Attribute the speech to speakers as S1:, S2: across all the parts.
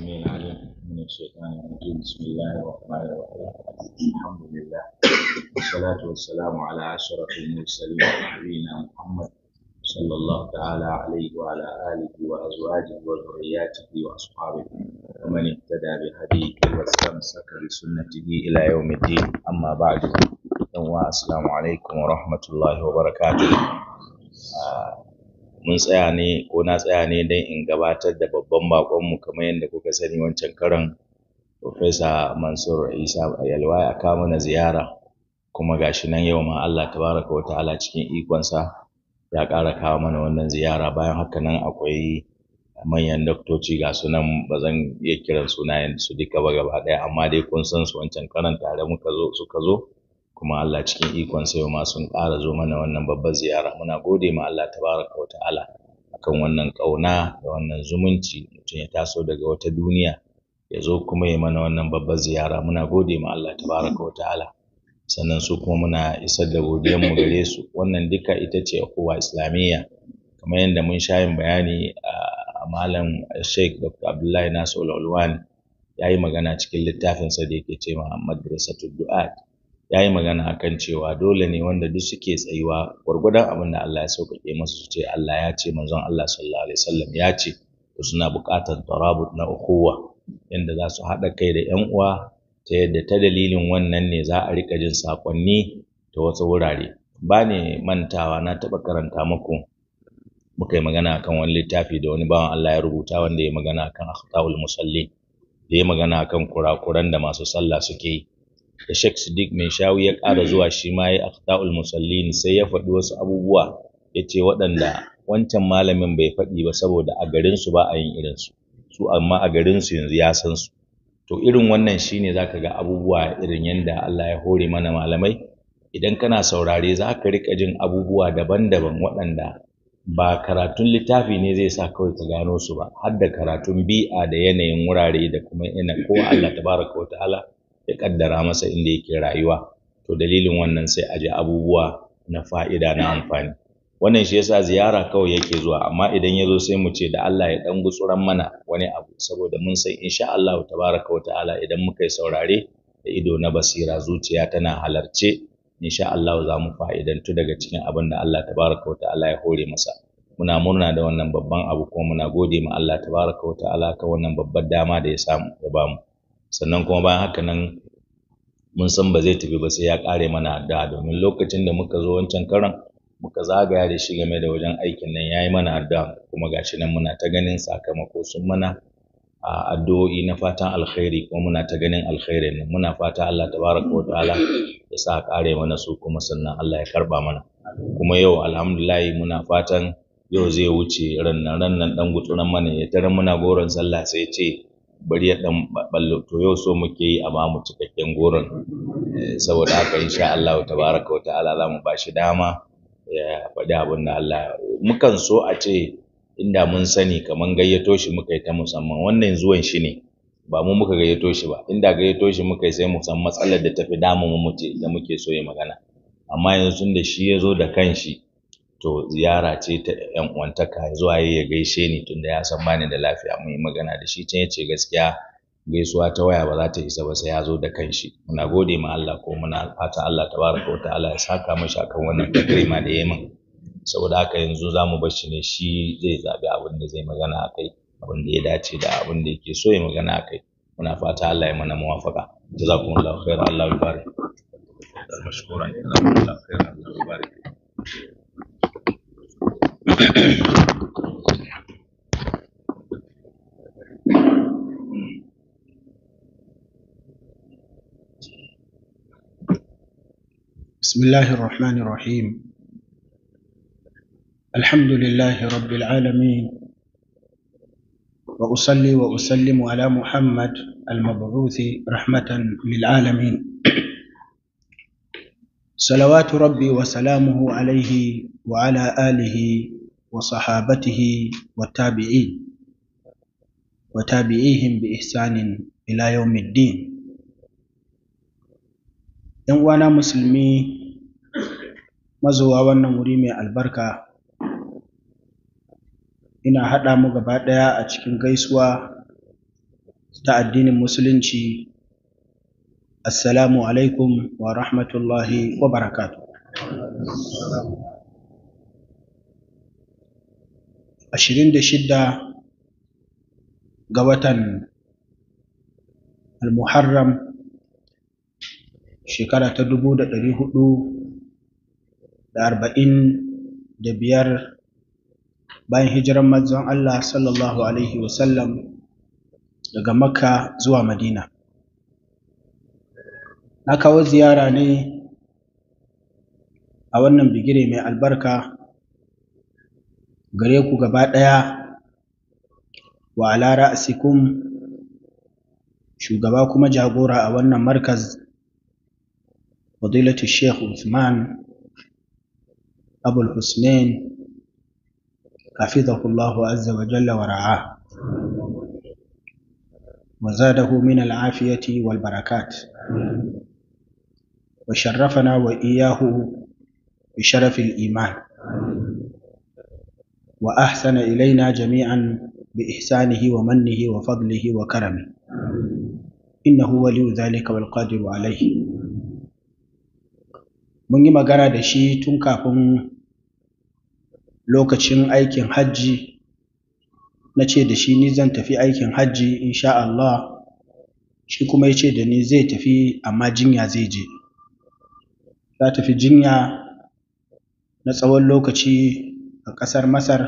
S1: السميع العليم من الشيطان الرجيم بسم الله الرحمن الرحيم الحمد لله والصلاة والسلام على أشرف المرسلين نبينا محمد صلى الله تعالى عليه وعلى آله وأزواجه وذرياته وأصحابه ومن اهتدى بهديه واستمسك بسنته إلى يوم الدين أما بعد السلام عليكم ورحمة الله وبركاته آه، mun tsaya ne ko na tsaya ne don in gabatar da babban mu kamar yadda kuka sani wancan karan Profesa Mansur Isa Yalwa ya kama mana ziyara kuma gashi nan yau ma Allah tabaraka wa ta'ala cikin ikonsa ya ƙara kawo mana wannan ziyara bayan haka nan akwai manyan doktoci ga sunan ba zan iya kiran sunayen su duka ba gaba ɗaya amma dai kun san su wancan karan tare muka zo suka zo kuma Allah cikin ikon sa ma sun ƙara zo mana wannan babbar ziyara muna gode ma Allah tabaraka wa ta'ala akan wannan ƙauna da wannan zumunci mutum ya taso daga wata duniya ya zo kuma ya mana wannan babbar ziyara muna gode ma Allah tabaraka wa ta'ala sannan su kuma muna isar da godiyar mu gare su wannan duka ita ce kowa islamiyya kamar yadda mun sha yin bayani a malam Sheikh Dr. Abdullahi nasu al ya yi magana cikin littafinsa da yake ce ma Madrasatul Du'a. ya yi magana akan cewa dole ne wanda duk suke tsayuwa gwargwadon abin da Allah ya sauƙaƙe masu su ce Allah ya ce manzon Allah sallallahu alaihi wasallam ya ce to suna buƙatar tarabut na ukuwa Inda za su haɗa kai da ƴan uwa ta yadda ta dalilin wannan ne za a riƙa jin sakonni ta wasu wurare ba ne mantawa na taɓa karanta muku muka yi magana akan wani littafi da wani bawan Allah ya rubuta wanda ya magana akan akhtaul musallin da ya magana akan kurakuran da masu sallah suke yi da Sheikh Siddiq mai shawi ya kara zuwa shi ma ya akhtaul musallin sai ya faɗi wasu abubuwa ya ce waɗanda wancan malamin bai faɗi ba saboda a garinsu ba a yin irinsu su amma a garinsu yanzu ya san su to irin wannan shine zaka ga abubuwa irin yanda Allah ya hore mana malamai idan kana saurare za ka rika jin abubuwa daban-daban waɗanda ba karatun littafi ne zai sa kawai ka gano su ba har da karatun bi'a da yanayin wurare da kuma ina ko Allah tabaraka wa ta'ala ya kaddara masa inda yake rayuwa to dalilin wannan sai a abubuwa na fa'ida na amfani wannan shi yasa ziyara kawai yake zuwa amma idan ya zo sai mu ce da Allah ya dan gutsuran mana wani abu saboda mun san insha Allah tabaraka wa ta'ala idan muka yi saurare da ido na basira zuciya tana halarce insha Allah za mu fa'idantu daga cikin abin da Allah tabaraka wa ta'ala ya hore masa muna murna da wannan babban abu kuma muna gode ma Allah tabaraka wa ta'ala kan wannan babbar dama da ya samu ya bamu sannan kuma bayan haka nan mun san ba zai tafi ba sai ya ƙare mana adda domin lokacin da muka zo wancan karan muka zagaya da shi game da wajen aikin nan ya yi mana adda kuma gashi nan muna ta ganin sakamako sun mana a addu'o'i na fatan alkhairi kuma muna ta ganin alkhairin nan muna fata Allah tabaraka wa ta'ala ya sa ƙare mana su kuma sannan Allah ya karba mana kuma yau alhamdulillah muna fatan yau zai wuce rannan rannan dan gutsuran mana ya tarar muna goron sallah sai ce bari ya dan ballo to yau so muke yi amma mu cikakken goron eh, saboda haka insha Allah baraka wa ta'ala za mu ba shi dama ya faɗi abin da Allah mukan so a ce inda mun sani kaman gayyato shi muka yi ta musamman wannan zuwan shi ne ba mu muka gayyato shi ba inda gayyato shi muka yi sai mu san matsalar da fi damu mu da muke so yi magana amma yanzu da shi ya zo da kanshi to ziyara ce ta yan uwantaka zuwa yi ya gaishe ni tunda ya san bani da lafiya mun yi magana da shi can ce gaskiya gaisuwa ta waya ba za ta isa ba sai ya zo da kanshi muna gode ma Allah ko muna fatan Allah tabaraka wataala ya saka mashi akan wannan takrima da yayi min saboda haka yanzu za mu bar shi ne shi zai zabi abin da zai magana a kai abin da ya dace da abin da yake so ya magana a kai muna fata Allah ya mana muwafaka jazakumullahu khairan Allah ya bari mashkuran Allah ya بسم
S2: الله الرحمن الرحيم الحمد لله رب العالمين وأصلي وأسلم على محمد المبعوث رحمة للعالمين صلوات ربي وسلامه عليه وعلى آله وصحابته والتابعين وتابعيهم بإحسان إلى يوم الدين ‘yan uwana musulmi mazuwa wannan wuri mai albarka ina haɗa mu gaba ɗaya a cikin gaisuwa ta addinin musulunci assalamu alaikum wa rahmatullahi wa barakatuh ashirin da ga watan al-muharram shekara ta dubu da da arba'in da biyar bayan hijiran mazan Allah sallallahu alaihi wasallam daga makka zuwa madina na kawo ziyara ne a wannan bigire mai albarka gare ku gaba ɗaya wa rasi ra'sikum shugaba kuma jagora a wannan markaz fadilatu Sheikh Usman, Abul Husnain hafizahullahu azza wa jalla wa ra'a wa zadahu min al wal barakat wa sharrafana wa iyahu bi sharafil iman وأحسن إلينا جميعا بإحسانه ومنه وفضله وكرمه إنه ولي ذلك والقادر عليه mun yi magana da shi tun kafin lokacin aikin hajji na ce da shi ni zan tafi aikin hajji insha Allah shi kuma ya ce da ni zai tafi amma jinya zai je za tafi jinya na tsawon lokaci a ƙasar Masar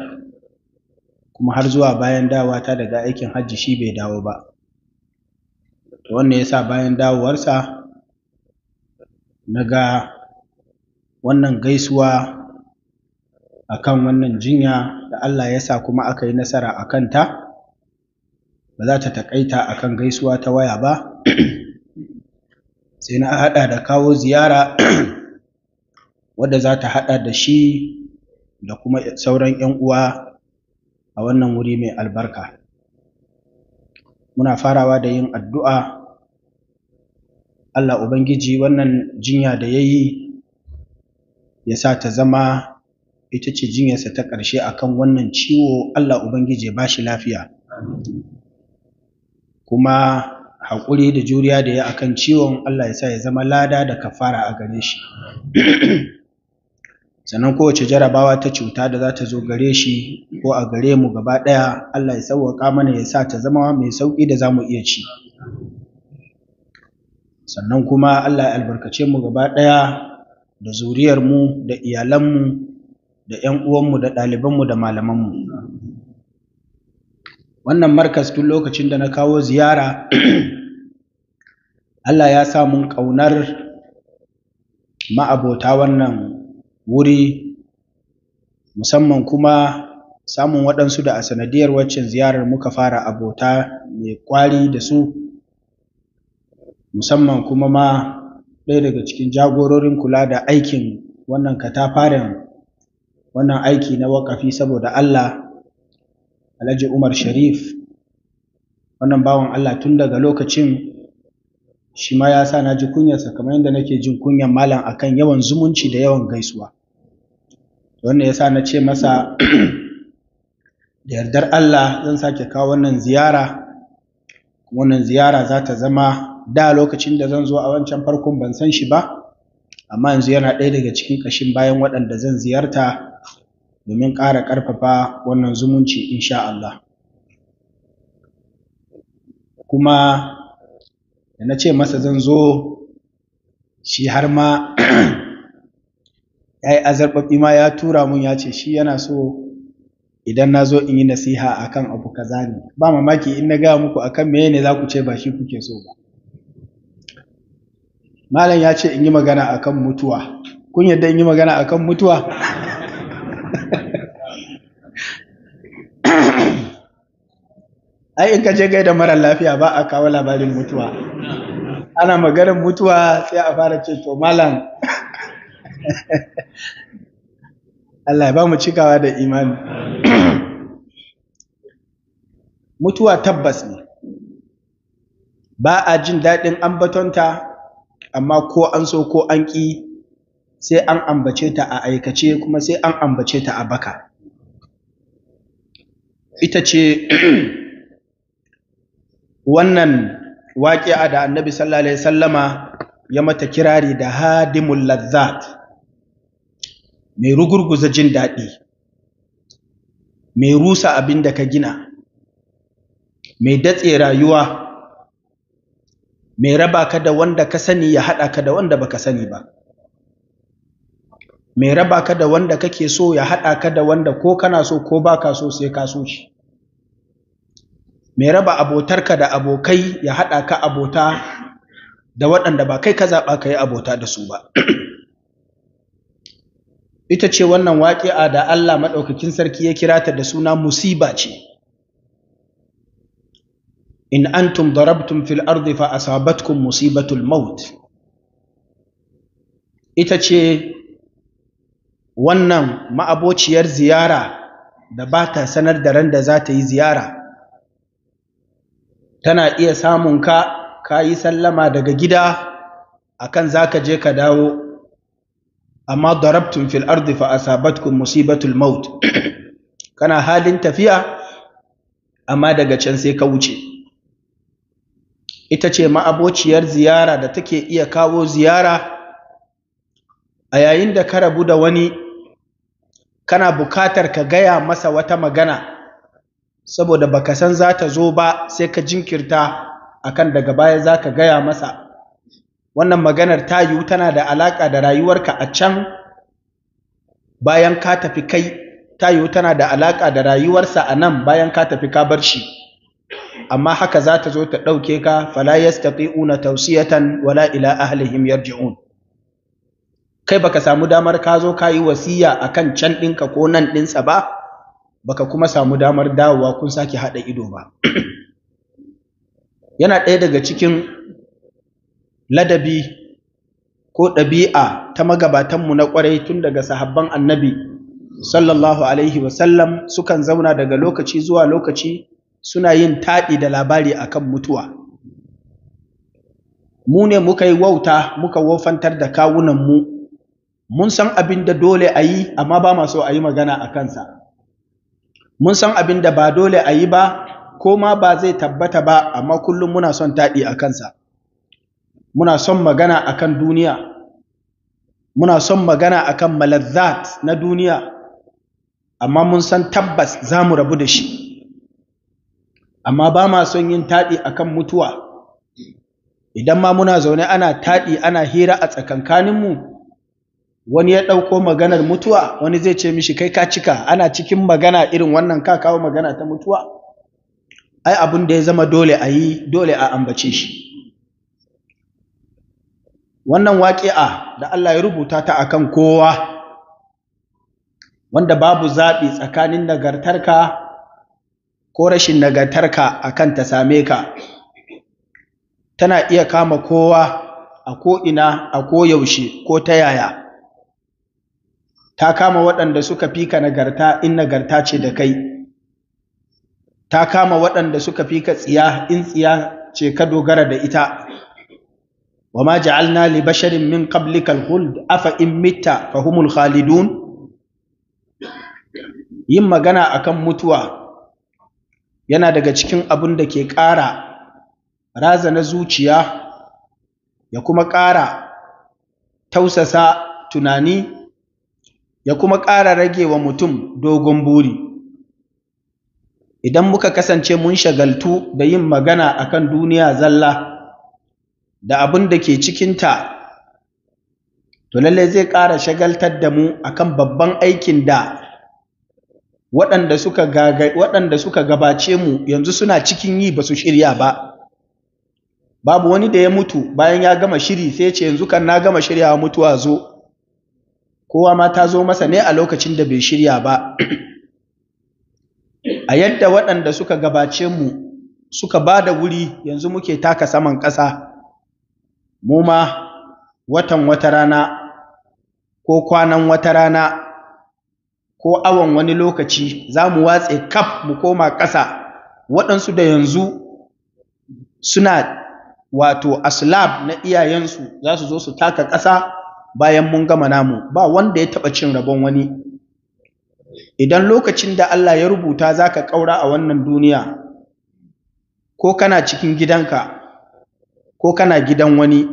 S2: kuma har zuwa bayan dawata daga aikin hajji shi bai dawo ba. Wannan ya sa bayan dawowarsa na ga wannan gaisuwa akan wannan jinya da Allah ya sa kuma aka yi nasara a kanta ba za ta taƙaita a kan gaisuwa ta waya ba sai na haɗa da kawo ziyara wadda za ta haɗa da shi da kuma sauran 'yan uwa a wannan wuri mai albarka muna farawa da yin addu'a Allah Ubangiji wannan jinya da ya yi ya sa ta zama ita ce jinyarsa ta ƙarshe akan wannan ciwo Allah Ubangiji ba shi lafiya kuma haƙuri da juriya da ya akan ciwon Allah ya sa ya zama lada da kafara a gare shi sannan kowace jarabawa ta cuta da za ta zo gare shi ko a gare mu gaba ɗaya Allah ya sauwaka mana ya sa ta zama mai sauƙi da za mu iya ci sannan kuma Allah ya albarkace mu gaba ɗaya da zuriyarmu da iyalanmu da 'yan uwanmu da ɗalibanmu da malamanmu wannan markas tun lokacin da na kawo ziyara Allah ya sa mun ƙaunar ma'abota wannan wuri musamman kuma samun waɗansu da a sanadiyar waccan ziyarar muka fara abota mai ƙwari da su musamman kuma ma ɗaya daga cikin jagororin kula da aikin wannan katafaren wannan aiki na waƙafi saboda Allah Alhaji Umar Sharif wannan bawan Allah tun daga lokacin shi ma ya sa na ji kunyarsa kamar yadda nake jin kunyar malam akan yawan zumunci da yawan gaisuwa wannan ya sa na ce masa da yardar Allah zan sake kawo wannan ziyara wannan ziyara za ta zama da lokacin da zan zo a wancan farkon ban san shi ba amma yanzu yana ɗaya daga cikin ƙashin bayan waɗanda zan ziyarta domin ƙara ƙarfafa wannan zumunci insha Allah kuma da na ce masa zan zo shi har ma ya yi azarɓaɓi ma ya tura mun ya ce shi yana so idan na zo in yi nasiha akan abu kaza ne ba mamaki in na gaya muku akan meye ne za ku ce ba shi kuke so ba malam ya ce in yi magana a kan mutuwa kun yadda in yi magana a kan mutuwa ai in ka je da mara lafiya ba a kawo labarin mutuwa ana maganar mutuwa sai a fara ce to malam Allah ya ba mu cikawa da imani mutuwa tabbas ne ba a jin daɗin ambatonta amma ko an so ko an ƙi sai an ambace ta a aikace kuma sai an ambace ta a baka ita ce wannan waƙi'a da annabi sallallahu alaihi sallama ya mata kirari da hadimul lazzat mai rugurguza jin daɗi mai rusa abin da ka gina mai datse rayuwa mai raba ka da wanda ka sani ya haɗa ka da wanda baka sani ba mai raba ka da wanda kake so ya haɗa ka da wanda ko kana so ko baka so sai ka so shi mai raba abotarka da abokai ya haɗa ka abota da waɗanda ba kai ka zaɓa ka yi abota da su ba ita ce wannan waƙi'a da Allah maɗaukakin sarki ya kira ta da suna musiba ce in antum darabtum fil ardi fa asabatkum musibatul maut ita ce wannan ma'abociyar ziyara da ba ta sanar da ran da za ta yi ziyara tana iya samun ka ka yi sallama daga gida kan za ka je ka dawo amma darabtun fil ardi fa asabatkum musibatul maut kana halin tafiya amma daga can sai ka wuce ita ce ma'abociyar ziyara da take iya kawo ziyara a yayin da ka rabu da wani kana bukatar ka gaya masa wata magana saboda baka san za ta zo ba sai ka jinkirta akan daga baya za ka gaya masa wannan maganar ta yiwu tana da alaƙa da rayuwarka a can bayan ka tafi kai ta yiwu tana da alaƙa da rayuwarsa a nan bayan ka tafi ka bar shi amma haka za ta zo ta ɗauke ka fala yastaqi'una tawsiyatan wala ila ahlihim yarji'un kai baka samu damar ka zo ka yi wasiya akan can ɗinka ko nan ɗinsa ba baka kuma samu damar dawowa kun sake haɗa ido ba yana ɗaya daga cikin ladabi ko ɗabi'a ta magabatanmu na ƙwarai tun daga sahabban annabi sallallahu alaihi wasallam sukan zauna daga lokaci zuwa lokaci suna yin taɗi da labari a kan mutuwa mu ne muka yi wauta muka wofantar da kawunanmu mun san abin da dole a yi amma ba ma so a yi magana a kansa mun san abin da ba dole a yi ba ko ma ba zai tabbata ba amma kullum muna son taɗi a kansa muna son magana a kan duniya muna son magana a kan malazzat na duniya amma mun san tabbas za mu rabu da shi amma ba ma son yin taɗi a kan mutuwa idan ma muna zaune ana taɗi ana hira a tsakankaninmu wani ya ɗauko maganar mutuwa wani zai ce mishi kai ka cika ana cikin magana irin wannan ka kawo magana ta mutuwa ai abin da ya zama dole a yi dole a ambace shi wannan waƙi'a da Allah ya rubuta ta akan kowa wanda babu zaɓi tsakanin nagartarka ko rashin nagartarka akan ta same ka tana iya kama kowa a ko'ina a koyaushe ko ta yaya ta kama waɗanda suka fi ka nagarta in nagarta ce da kai ta kama waɗanda suka fi ka tsiya in tsiya ce ka dogara da ita wa ma ja'alna li basharin min kablikal khuld afa in mita fa humul khalidun yin magana a kan mutuwa yana daga cikin abin da ke ƙara razana zuciya ya kuma ƙara tausasa tunani ya kuma ƙara rage wa mutum dogon buri idan muka kasance mun shagaltu da yin magana a kan duniya zalla da abin da ke cikinta to lallai zai ƙara shagaltar da mu akan babban aikin da waɗanda suka, gabace mu yanzu suna cikin yi ba su shirya ba babu wani da ya mutu bayan ya gama shiri sai ce yanzu kan na gama shiryawa mutuwa zo kowa ma ta zo masa ne a lokacin da bai shirya ba a yadda waɗanda suka gabace mu suka ba da wuri yanzu muke taka saman ƙasa mu ma watan wata rana ko kwanan wata rana ko awon wani lokaci za mu watse kaf mu koma ƙasa waɗansu da yanzu suna wato aslab na iyayensu za su zo su taka ƙasa bayan mun gama namu ba wanda ya taɓa cin rabon wani idan lokacin da Allah ya rubuta za ka ƙaura a wannan duniya ko kana cikin gidanka ko kana gidan wani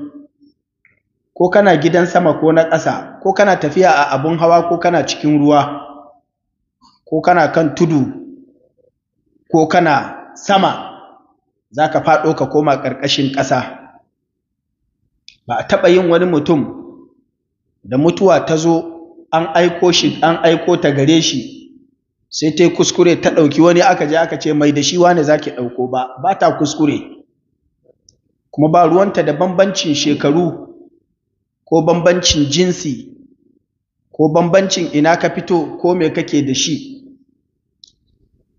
S2: ko kana gidan sama ko na ƙasa ko kana tafiya a abun hawa ko kana cikin ruwa ko kana kan tudu ko kana sama za ka faɗo ka koma ƙarƙashin ƙasa ba a taɓa yin wani mutum da mutuwa ta zo an aiko shi an aiko ta gare shi sai ta kuskure ta ɗauki wani aka je aka ce mai da shi wane za ki ɗauko ba ba ta kuskure kuma ba ruwanta da bambancin shekaru ko bambancin jinsi ko bambancin ina ka fito ko me kake da shi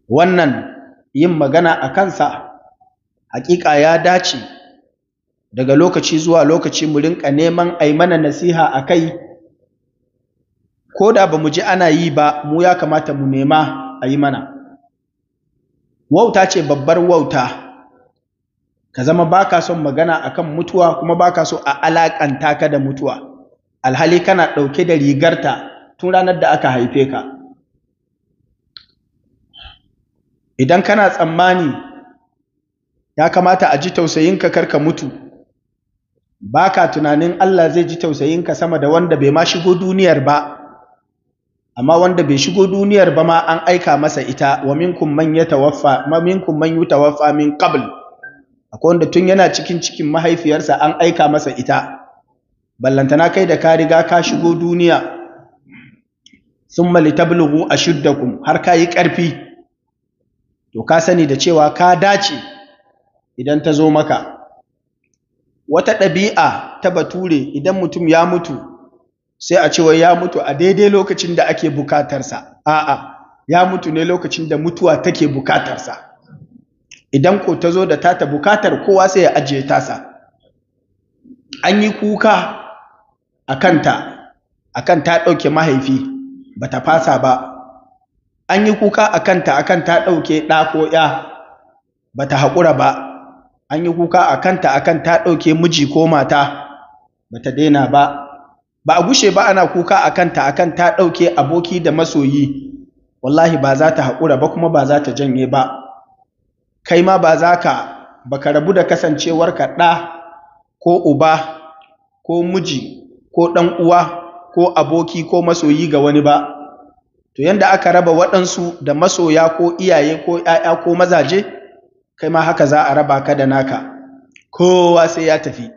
S2: wannan yin magana a kansa hakika ya dace daga lokaci zuwa lokaci mu rinka neman ai mana nasiha a kai ko da ba mu ji ana yi ba mu ya kamata mu nema a yi mana wauta ce babbar wauta ka zama ba ka son magana a kan mutuwa kuma ba ka so a alakanta ka da mutuwa alhali kana ɗauke da rigarta tun ranar da aka haife ka idan kana tsammani ya kamata a ji tausayinka karka mutu ba ka tunanin Allah zai ji tausayinka sama da wanda bai ma shigo duniyar ba amma wanda bai shigo duniyar ba ma an aika masa ita wa minkum man yatawaffa ma minkum man min qabl akwai wanda tun yana cikin cikin mahaifiyarsa an aika masa ita ballantana kai da ka riga ka shigo duniya Sun summa a ashuddakum har ka yi ƙarfi to ka sani da cewa ka dace idan ta zo maka wata ɗabi'a ta bature idan mutum ya mutu sai a cewa ya mutu a daidai lokacin da ake bukatarsa a'a ya mutu ne lokacin da mutuwa take bukatarsa idan ko ta zo da tata bukatar kowa sai ya ajiye tasa an yi kuka a kanta kan ta ɗauke mahaifi ba ta fasa ba an yi kuka a kanta akan ta ɗauke ɗa ko ya ta haƙura ba an yi kuka a kanta a kan ta ɗauke miji ko mata ba ta daina ba ba a gushe ba ana kuka a kanta a kan ta ɗauke aboki da masoyi wallahi ba za ta haƙura ba kuma ba za ta janye ba kai ma ba za ka ba ka rabu da kasancewar ɗa ko uba ko miji ko ɗan uwa ko aboki ko masoyi ga wani ba to yanda aka raba waɗansu da masoya ko iyaye ko ‘ya'ya ko mazaje kai ma haka za a raba ka da naka kowa sai ya tafi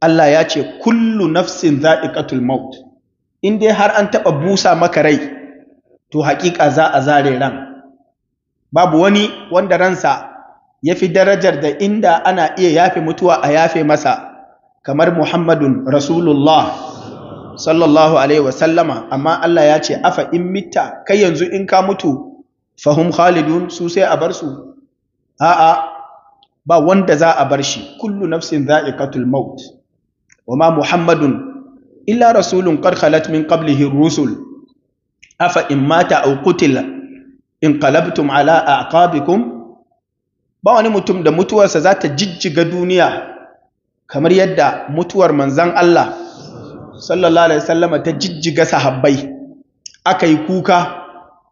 S2: Allah ya ce kullu nafsin za'iqatul maut in dai har an taba busa maka rai to haƙiƙa za a zare ran babu wani wanda ransa ya fi darajar da inda ana iya yafe mutuwa a yafe masa kamar Muhammadun Rasulullah sallallahu alaihi sallama amma Allah ya ce afa in mitta kai yanzu in ka mutu fahum khalidun su sai a bar su a'a ba wanda za a bar shi kullu nafsin za'iqatul maut wama muhammadun illa rasulun qad khalat min qablihi rusul afa in mata aw qutila in qalabtum ala aqabikum ba wani mutum da mutuwarsa za ta jijjiga duniya kamar yadda mutuwar manzon Allah sallallahu alaihi wasallama ta jijjiga sahabbai aka yi kuka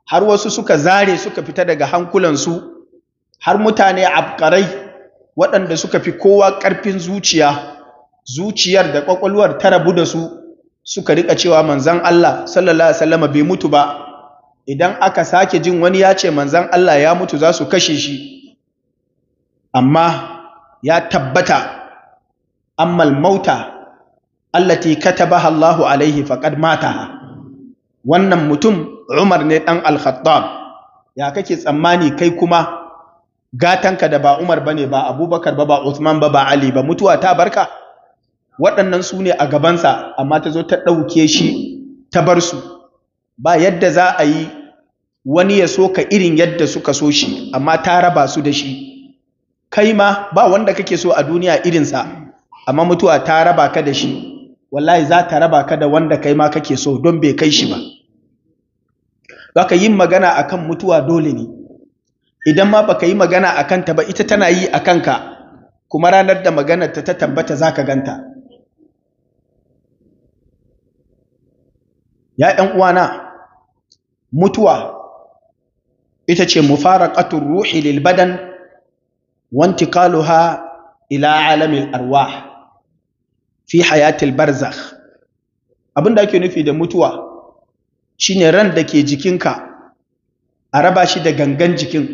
S2: har wasu suka zare suka fita daga hankulansu har mutane abkarai waɗanda suka fi kowa ƙarfin zuciya zuciyar da ƙwaƙwalwar ta rabu da su suka rika cewa manzan Allah sallallahu alaihi bai mutu ba idan aka sake jin wani ya ce manzan Allah ya mutu za su kashe shi amma ya tabbata ammal mauta allati katabaha Allahu alaihi faqad mata wannan mutum Umar ne dan Al-Khattab ya kake tsammani kai kuma gatanka da ba Umar bane ba Abubakar ba ba Uthman ba ba Ali ba mutuwa ta barka waɗannan su ne a gabansa amma ta zo ta ɗauke shi ta bar su ba yadda za a yi wani ya so ka irin yadda suka so shi amma ta raba su da shi kai ma ba wanda kake so a duniya irin sa amma mutuwa ta raba ka da shi wallahi za ta raba ka da wanda kai ma kake so don bai kai shi ba. Baka yin magana akan mutuwa dole ne. idan ma baka yi magana a kanta ba ita tana yi a kanka kuma ranar da maganar ta ta tabbata za ka ganta ya ‘yan uwana mutuwa ita ce mufaraqatul ruhi lil badan wantiqaluha ila alamil arwah fi hayatil barzakh abinda ake nufi da mutuwa shine ran da ke jikinka a raba shi da gangan jikin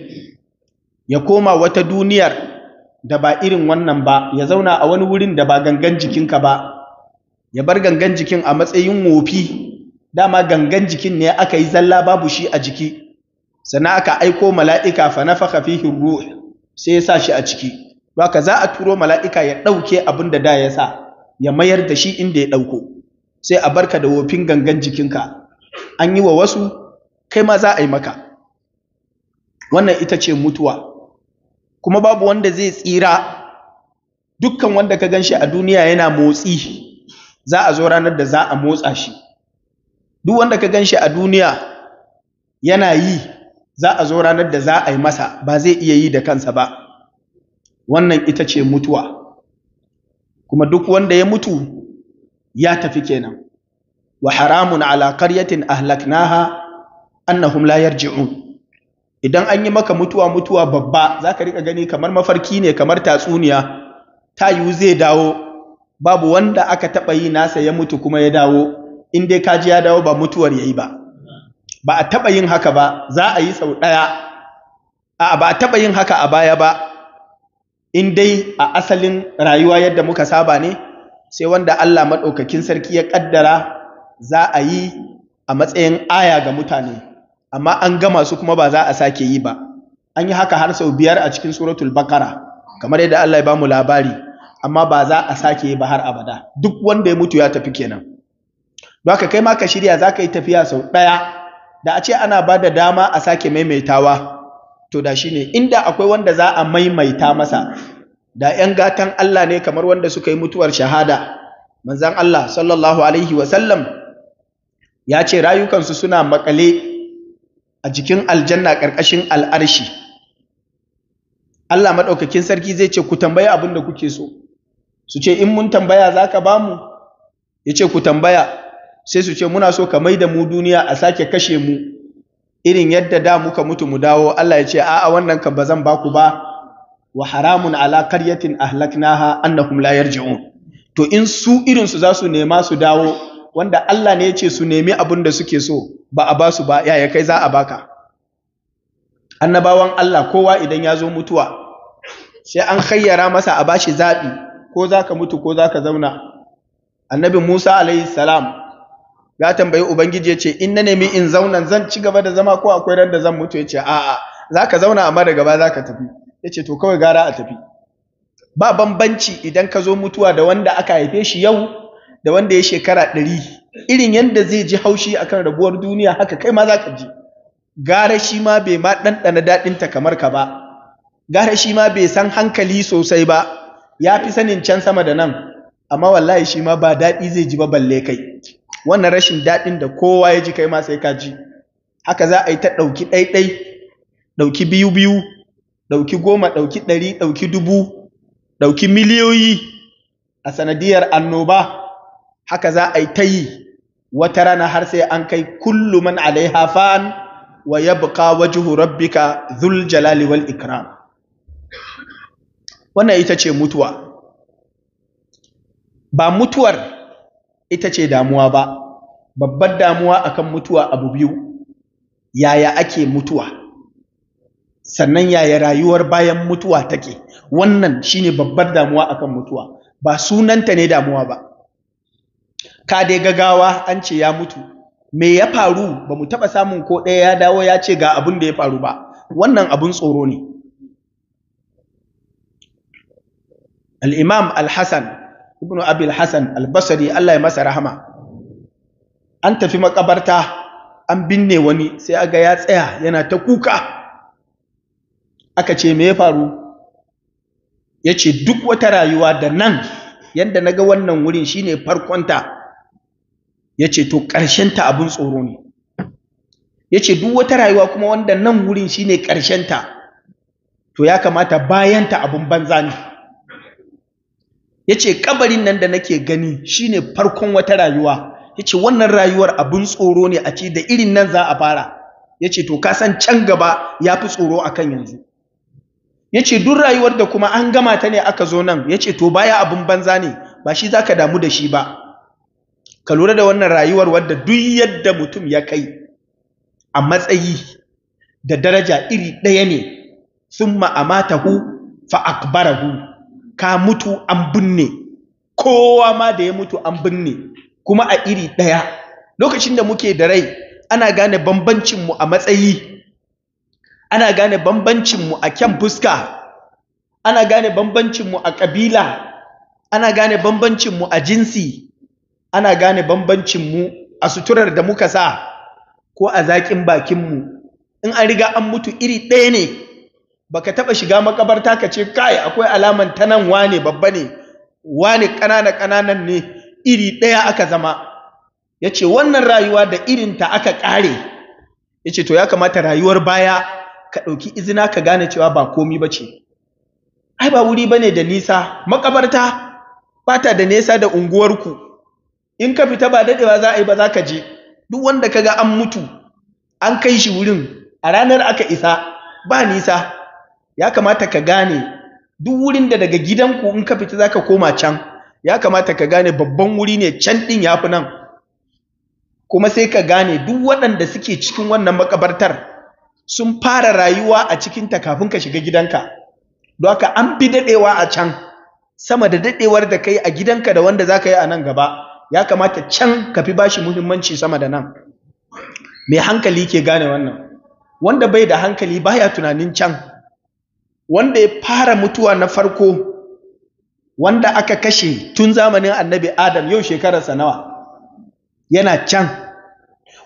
S2: ya koma wata duniyar da ba irin wannan ba ya zauna a wani wurin da ba gangan jikinka ba ya bar gangan jikin a matsayin wofi dama gangan jikin ne aka yi zalla babu shi a jiki sannan aka aiko mala'ika fa nafakha fihi ruh sai ya sa shi a ciki haka za a turo mala'ika ya ɗauke abin da da ya sa ya mayar da shi inda ya ɗauko sai a barka da wofin gangan jikinka an yi wa wasu kai ma za a yi maka wannan ita ce mutuwa kuma babu wanda zai tsira dukkan wanda ka ganshi a duniya yana motsi za a zo ranar da za a motsa shi duk wanda ka ganshi a duniya yana yi za a zo ranar da za a yi masa ba zai iya yi da kansa ba wannan ita ce mutuwa kuma duk wanda ya mutu ya tafi kenan wa haramun ala qaryatin ahlaknaha annahum la yarji'un idan an yi maka mutuwa mutuwa babba za ka riƙa gani kamar mafarki ne kamar tatsuniya ta yiwu zai dawo babu wanda aka taɓa yi nasa ya mutu kuma ya dawo in dai kaji ya dawo ba mutuwar ya yi ba ba a taɓa yin haka ba za a yi sau ɗaya a ba a taɓa yin haka a baya ba in dai a asalin rayuwa yadda muka saba ne sai wanda Allah maɗaukakin sarki ya ƙaddara za a yi a matsayin aya ga mutane amma an gama su kuma ba za a sake yi ba an yi haka har sau biyar a cikin suratul bakara kamar yadda Allah ya bamu labari amma ba za a sake yi ba har abada duk wanda ya mutu ya tafi kenan don haka kai ma ka shirya za ka yi tafiya sau ɗaya da a ce ana ba da dama a sake maimaitawa to da shi ne inda akwai wanda za a maimaita masa da 'yan gatan Allah ne kamar wanda suka yi mutuwar shahada manzan Allah sallallahu alaihi wasallam ya ce rayukansu suna makale a jikin aljanna ƙarƙashin al'arshi Allah maɗaukakin sarki zai ce ku tambaya abin da kuke so su ce in mun tambaya za ka ba mu ya ce ku tambaya sai su ce muna so ka mai da mu duniya a sake kashe mu irin yadda da muka mutu mu dawo Allah ya ce a'a wannan kan ba zan ba ku ba wa haramun ala qaryatin ahlaknaha annahum la yarji'un to in su irinsu su za su nema su dawo wanda Allah ne ya ce su nemi abin da suke so ba a ba su ba yaya kai za a baka annabawan Allah kowa idan ya zo mutuwa sai an khayyara masa a bashi zaɓi ko za ka mutu ko za ka zauna annabi Musa alaihi salam ya tambayi ubangiji yace, ce in na nemi in zauna, zan ci gaba da zama ko akwai ran da zan mutu ya ce a'a za ka zauna amma da gaba za ka tafi ya to kawai gara a tafi ba bambanci idan ka zo mutuwa da wanda aka haife shi yau da wanda ya shekara ɗari irin yadda zai ji haushi a kan rabuwar duniya haka kai ma za ka ji gara shi ma bai ma ɗanɗana daɗinta kamar ka ba gara shi ma bai san hankali sosai ba ya fi sanin can sama da nan amma wallahi shi ma ba daɗi zai ji ba balle kai wannan rashin daɗin da kowa ya ji kai ma sai ka ji haka za a yi ta ɗauki ɗaiɗai ɗauki biyu biyu ɗauki goma ɗauki ɗari ɗauki dubu ɗauki miliyoyi a sanadiyar annoba haka za a yi ta yi wata rana har sai an kai kullu man alaiha fan wa yabqa wajhu rabbika dhul jalali wal ikram wannan ita ce mutuwa ba mutuwar ita ce damuwa ba babbar damuwa akan mutuwa abu biyu yaya ake mutuwa sannan yaya rayuwar bayan mutuwa take wannan shine babbar damuwa akan mutuwa ba sunanta ne damuwa ba ka dai gagawa an ce ya mutu me ya faru ba mu taɓa samun ko ɗaya ya dawo ya ce ga abin da ya faru ba wannan abin tsoro ne al'imam al-hassan ibn abil hassan al-basari allah ya masa rahama an tafi makabarta an binne wani sai aga ya tsaya yana ta kuka aka ce me ya faru ya ce duk wata rayuwa da nan yadda na ga wannan wurin shine farkonta ya ce to ta abin tsoro ne ya ce duk wata rayuwa kuma wanda nan wurin shi ne ta, to ya kamata bayanta abin banza ne ya ce kabarin nan da nake gani shi ne farkon wata rayuwa ya ce wannan rayuwar abin tsoro ne a ce da irin nan za a fara ya ce to san can gaba ya fi tsoro akan yanzu ya ce duk rayuwar da kuma an gama ta ne aka zo nan ya ce to baya abin banza ne ba shi za ka damu da shi ba ka lura da wannan rayuwar wadda duk yadda mutum ya kai a matsayi da daraja iri ɗaya ne sun hu, fa'akbara hu ka mutu an binne kowa ma da ya mutu an binne kuma a iri ɗaya lokacin da muke da rai ana gane bambancinmu a matsayi ana gane bambancinmu a kyan fuska ana gane bambancinmu a ƙabila ana gane bambancinmu a jinsi ana gane bambancin mu a suturar da muka sa ko a zaƙin bakinmu in an riga an mutu iri ɗaya ne baka taɓa shiga makabarta ka ce kai akwai alaman ta nan wane babba ne wane ƙanana ƙananan ne iri ɗaya aka zama ya ce wannan rayuwa da irin ta aka ƙare ya ce to ya kamata rayuwar baya ka ɗauki izina ka gane cewa ba komi ba ce ai ba wuri ba ne da nisa makabarta ba ta da nesa da unguwarku in ka fita ba daɗewa za a yi ba za ka je duk wanda ka ga an mutu an kai shi wurin a ranar aka isa ba nisa ya kamata ka gane duk wurin da daga gidanku in ka fita za ka koma can ya kamata ka gane babban wuri ne can ɗin ya fi nan kuma sai ka gane duk waɗanda suke cikin wannan makabartar sun fara rayuwa a cikinta kafin ka shiga gidanka don haka an bi daɗewa a can sama da daɗewar da kai a gidanka da wanda za ka yi a nan gaba ya kamata can ka fi bashi muhimmanci sama da nan mai hankali ke gane wannan wanda bai da hankali baya tunanin can wanda ya fara mutuwa na farko wanda aka kashe tun zamanin annabi adam yau shekararsa nawa yana can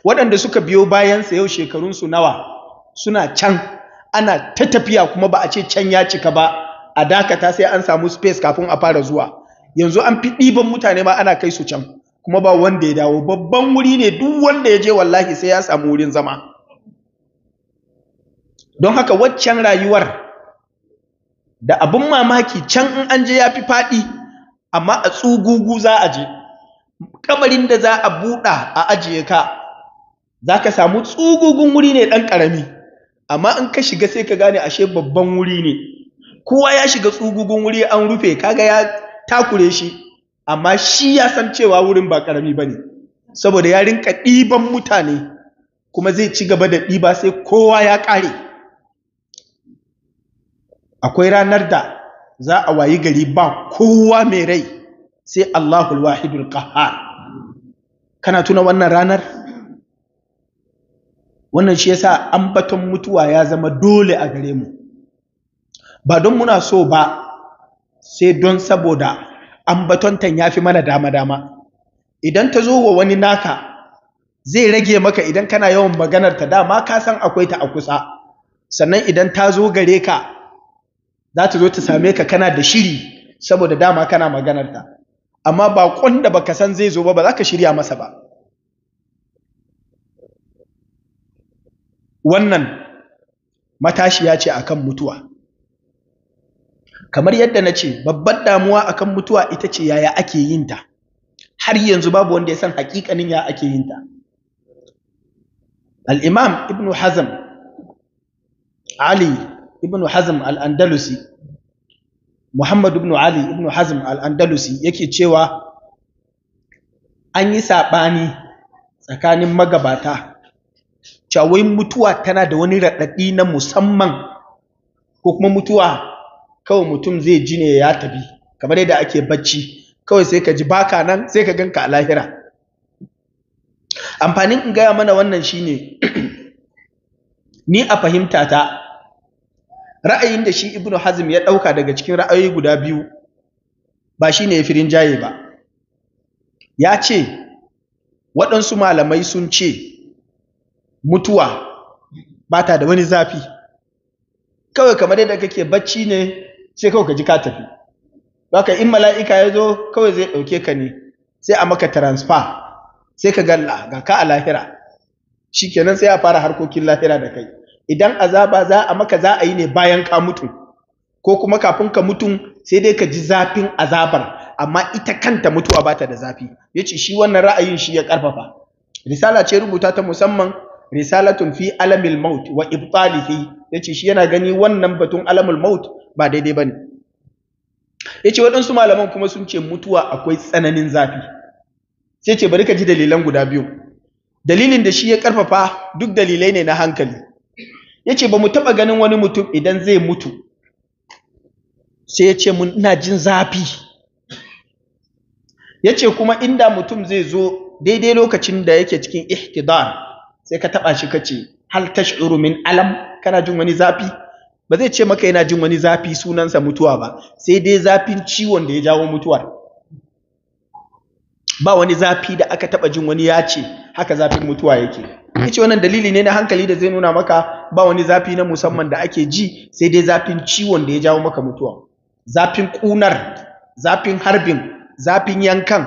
S2: waɗanda suka biyo bayansa yau shekarunsu nawa suna can ana ta tafiya kuma ba a ce can ya cika ba a dakata sai an samu space kafin a fara zuwa yanzu an fi ɗiban mutane ma ana kai su can kuma ba wanda ya dawo babban wuri ne duk wanda ya je wallahi sai ya samu wurin zama don haka waccan rayuwar da abin mamaki can in an je ya fi faɗi amma a tsugugu za a je kamarin da za a buɗa a ajiye ka za ka samu tsugugun wuri ne ɗan ƙarami amma in ka shiga sai ka gane ashe babban wuri ne kowa ya shiga tsugugun wuri an rufe kaga ya takure shi amma shi ya san cewa wurin ba karami bane saboda ya rinka ɗiban mutane kuma zai ci gaba da ɗiba sai kowa ya ƙare akwai ranar da za a wayi gari ba kowa mai rai sai allahul wahidul Qahhar kana tuna wannan ranar wannan shi yasa ambaton mutuwa ya zama dole a gare mu ba don muna so ba sai don saboda ambatontan ya fi mana dama-dama idan ta zo wa wani naka zai rage maka idan kana yawan maganar ta dama ka san akwai ta a kusa sannan idan ta zo gare ka za ta zo ta same ka kana da shiri saboda dama kana maganar ta amma baƙon da baka san zai zo ba ba za ka shirya masa ba wannan matashiya ce akan mutuwa kamar yadda na ce babbar damuwa akan mutuwa ita ce yaya ake yin ta har yanzu babu wanda ya san hakikanin ya ake yin ta al-imam ibn hazm ali ibn hazm al-andalusi muhammad ibn ali ibn hazm al-andalusi yake cewa an yi saɓani tsakanin magabata cewa mutuwa tana da wani raɗaɗi na musamman ko kuma mutuwa kawai mutum zai ji ne ya tafi kamar yadda ake bacci kawai sai ka ji baka nan sai ka ganka a lahira amfanin in gaya mana wannan shine ni a fahimta ta ra'ayin da shi ibnu hazm ya ɗauka daga cikin ra'ayoyi guda biyu ba shine ya firin jaye ba ya ce waɗansu malamai sun ce mutuwa ba ta da wani zafi kawai kamar yadda kake bacci ne sai kawai ka ji ka tafi baka in mala'ika ya zo kawai zai ɗauke ka ne sai a maka transfer sai ka galla ah, ga ka a lahira kenan sai a fara harkokin lahira da kai idan azaba za a maka za a yi ne bayan ka mutu ko kuma kafin ka mutu sai dai ka ji zafin azabar amma ita kanta mutuwa ba ta da zafi yace shi wannan ra'ayin shi ya karfafa risala ce rubuta ta musamman risalatun fi alamil maut wa ibtalihi yace shi yana gani wannan batun alamul maut ba daidai bane yace waɗansu malaman kuma sun ce mutuwa akwai tsananin zafi sai ce bari ka ji dalilan guda biyu dalilin da shi ya karfafa duk dalilai ne na hankali yace ba mu taba ganin wani mutum idan zai mutu sai ya ce muna jin zafi yace kuma inda mutum zai zo daidai lokacin da yake cikin ihtidar sai ka taba shi kace ce hal tash'uru min alam kana jin wani zafi ba zai ce maka yana jin wani zafi sunansa mutuwa ba sai dai zafin ciwon da ya jawo mutuwar ba wani zafi da aka taɓa jin wani ya ce haka zafin mutuwa yake yace wannan dalili ne na hankali da zai nuna maka ba wani zafi na musamman da ake ji sai dai zafin ciwon da ya jawo maka mutuwa zafin ƙunar zafin harbin zafin yankan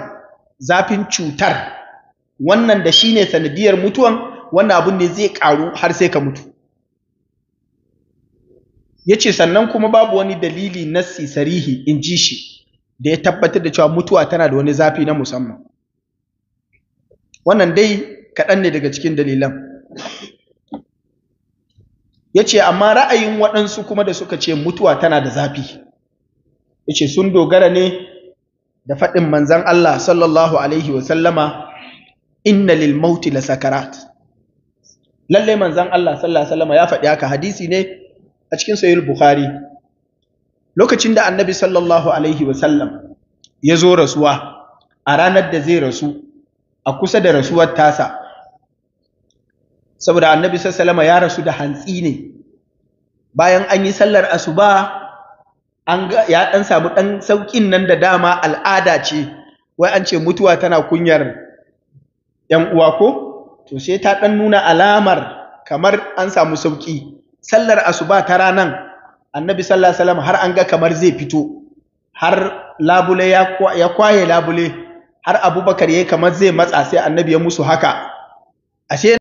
S2: zafin cutar wannan da shine sanadiyar mutuwan wannan abun ne zai karu har sai ka mutu yace sannan kuma babu wani dalili nassi sarihi in ji shi da ya tabbatar da cewa mutuwa tana da wani zafi na musamman wannan dai kaɗan ne daga cikin dalilan yace amma ra'ayin waɗansu kuma da suka ce mutuwa tana da zafi yace sun dogara ne da faɗin manzan Allah sallallahu alaihi inna lil mauti la sakarat lalle manzon Allah sallallahu alaihi ya faɗi haka hadisi ne a cikin sahih bukhari lokacin da annabi sallallahu alaihi wasallam ya zo rasuwa a ranar da zai rasu a kusa da rasuwar tasa saboda annabi sallallahu alaihi ya rasu da hantsi ne bayan an yi sallar asuba an ya dan samu dan saukin nan da dama al'ada ce wai an ce mutuwa tana kunyar yan uwa ko to sai ta ɗan nuna alamar kamar an samu sauƙi sallar asuba ta ranan annabi sallallahu alaihi har an ga kamar zai fito har labule ya kwaye labule har abubakar ya kamar zai matsa sai annabi ya musu haka ashe